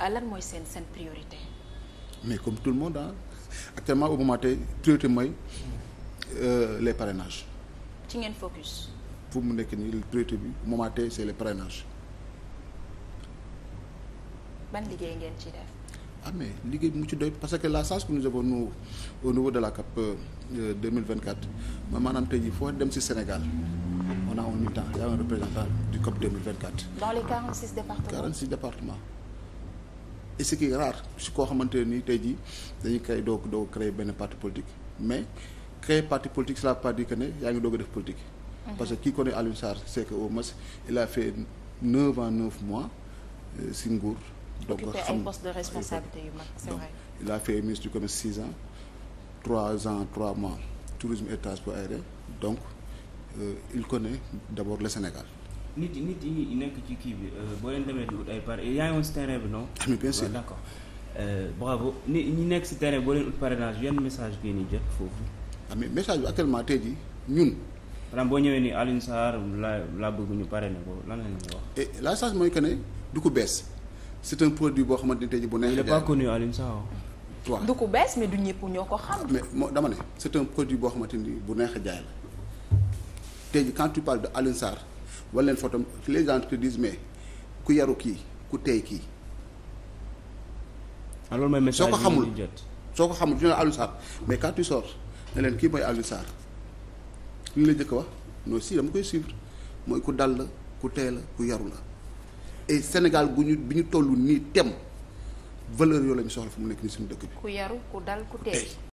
Ah, lan mooy seen seen priorité. mais comme tout le monde ah actuellement au moment tey priorité mooy euh, les parrainages. ci ngeen focus. fu mu nekk nii priorité bi moment tey c'est les parrainages. ban liggéey ngeen ci def. ah mais liggéey bi mu ci doy parce que la chance que nous avons nous au de la CAP 2024 euh, euh, mooy maanaam tey jii foo dem ci Sénégal on a un militant y a un représentant du CAP 2024. dans les 46 départements 46 et ce qui est rare si koo xamante ne nii tey jii dañuy créé doo doo créé benn parti politique mais créer parti politique cela veut pas ne yaa ngi doog a def politique. Mhm. parce que qui connaît Alioune Sarr c'est que au moins il a fait neuf ans mois euh, si donc xam ay poste ministre du commerce six ans trois ans trois mois tourisme et transport aérien donc euh, il connaît d'abord le Sénégal. nit yi nit yi nekk ci kii bi euh, boo leen demee di ut ay parrain yaa ngi woon si terrain bi non. ah mais euh, bravo nit ñi nekk si terrain boo leen ut parrainage yan message ngeen di jot foofu. amee ah, mais message bi actuellement tey jii ñun. maanaam boo ñëwee nii Alioune Sarr la la bëgg ñu pare parrainé ko lan la ñuy wax. et la message mooy que ne du ko bees c'est un produit boo xamante ne tey jii bu neexee. il est pas ko bees mais du ñëpp ñoo ko xam. mais moo dama un produit boo xamante ni bu neex a jaay la tey jii quand tu parles de wala leen photo les gens te mais ku yaru kii ku tey kii. alors ah, mooy message soo ko xamul soo ko xamul ñu ne Aliou Sarr mais quand tu sors ne leen kii mooy Aliou Sarr li ñu la jëkk wax non si dama mooy ku dal la ku tey la ku yaru la et Sénégal gu ñu bi ñu toll nii tem valeur yoo la ñu soxla fu mu nekk nii suñu dëkk bi. ku yaru ku dal ku tey.